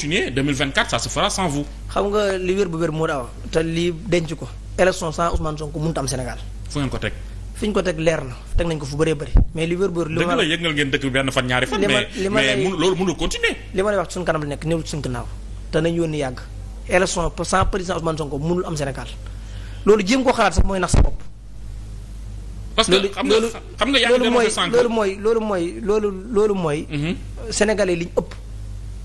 continuer 2024 ça se fera sans vous. xam nga li bu wér moo daaw te lii denc ko élection sans Ousmane Sonko mënut am Sénégal. fu ngeen ko teg. fi ñu ko teg leer na teg nañ ko fu bëree bëri mais li bu wér. li ma la dëgg la yëngal ngeen dëkk bi benn fan ñaari fan. li ma li ma mais mais loolu mënul li ma lay wax ci suñu kanam la nekk néew ci suñu gannaaw te nañ yónni yàgg élection sans président Ousmane Sonko mënul am Sénégal loolu jéem koo xalaat sax mooy nax sa bopp. parce que xam nga xam nga yaa ngi loolu mooy loolu mooy loolu mooy loolu loolu mhm.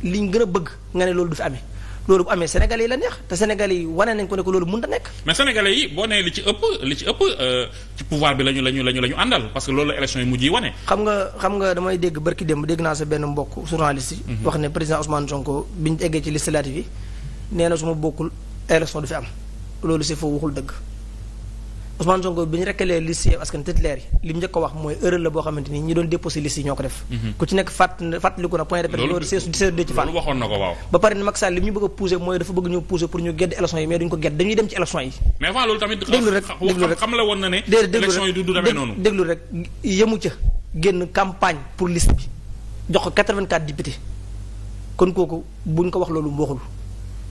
liñ gën a bëgg nga ne loolu du fi amee loolu bu amee sénégalais yi la neex te sénégalais yi wane nañ ko ne loolu mun na nekk. mais sénégalais yi boo nee li ci ëpp li ci ëpp euh, ci pouvoir bi lañu lañu àndal parce que loolu la élection yi mujj yi wane. xam nga xam nga damay dégg barki démb dégg naa sa benn mbokk journaliste yi. Mhm. wax ne président Ousmane Sonko biñ eggee ci législative yi nee na su ma bokkul élection du fi am loolu c'est faux waxul dëgg Ousmane Sonko bi ñu rekkalee liste Yewwi Askan titulaire yi li mu njëkk a wax mooy erreur la boo xamante ni ñi doon déposé liste yi ñoo ko def mhm. ku ci nekk fàtt fàttaliku na point de loolu seesu seesu dee ci fàtt ba pare ni Macky Sall li mu ñu bëgg a poussé mooy dafa bëgg ñu poussé pour ñu gedd élection yi mais duñu ko gedd dañuy dem ci élection yi mais avant loolu tamit déglu rek déglu rek xam la woon na ne élection yi du demee rek yemu ca génn campagne pour liste jox ko 84 députés kon kooku ko wax loolu mboxul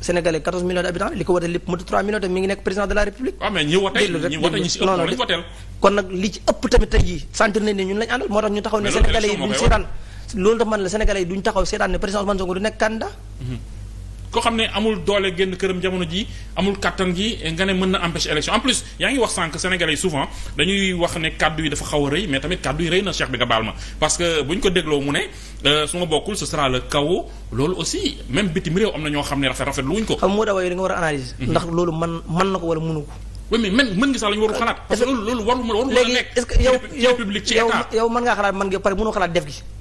Sénégalais 14 millions d'habitants li ko wote lépp mu 3 millions tamit mi ngi nekk président de la république. Ah, kon nag li ci ëpp tamit tey jii sentir nañ ne lañu àndal moo tax ñu taxaw ne Sénégalais yi duñ seetaan loolu tax man la Sénégalais yi duñ taxaw seetaan ne président Ousmane Sonko du nekk candidat mhm. koo xam ne amul doole génn këram jamono ji amul kattan gi nga ne mën na empêcher élection en plus yaa ngi wax sànq sénégalais yi souvent dañuy wax ne kaddu yi dafa xaw a rëy mais tamit kàddu yi rëy na cheikh bi nga baal ma parce que bu ñu ko dégloo mu ne euh, su ma bokkul ce sera le chaos loolu aussi même bitim réew am na ñoo xam ne rafet rafet lu wuñ ko xam moo daa waaye war a analyser mhm. ndax loolu man man na ko wala munu ko la a nekk. est-ce que yow yow yow mën ngaa xalaat mën nga pare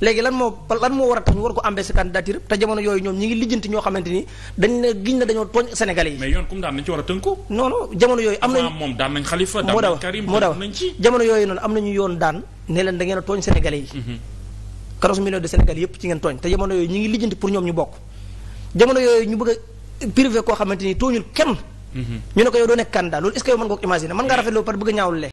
léegi lan moo lan moo war a tax ñu war ko embêcher candidature ci war a tënku. non jamono yooyu. am daan nañ Khalifa tooñ Sénégalais yi. 14 mhm. millions de Sénégalais yépp ci ngeen tooñ te jamono yooyu ñi ngi lijjanti pour ñoom ñu bokk jamono yooyu ñu bëgg privé koo xamante ni tooñul kenn ñu ne ko yow doo nekk candidat loolu est-ce que yow mën nga ko imaginer mën ngaa rafetlu ba pare bëgg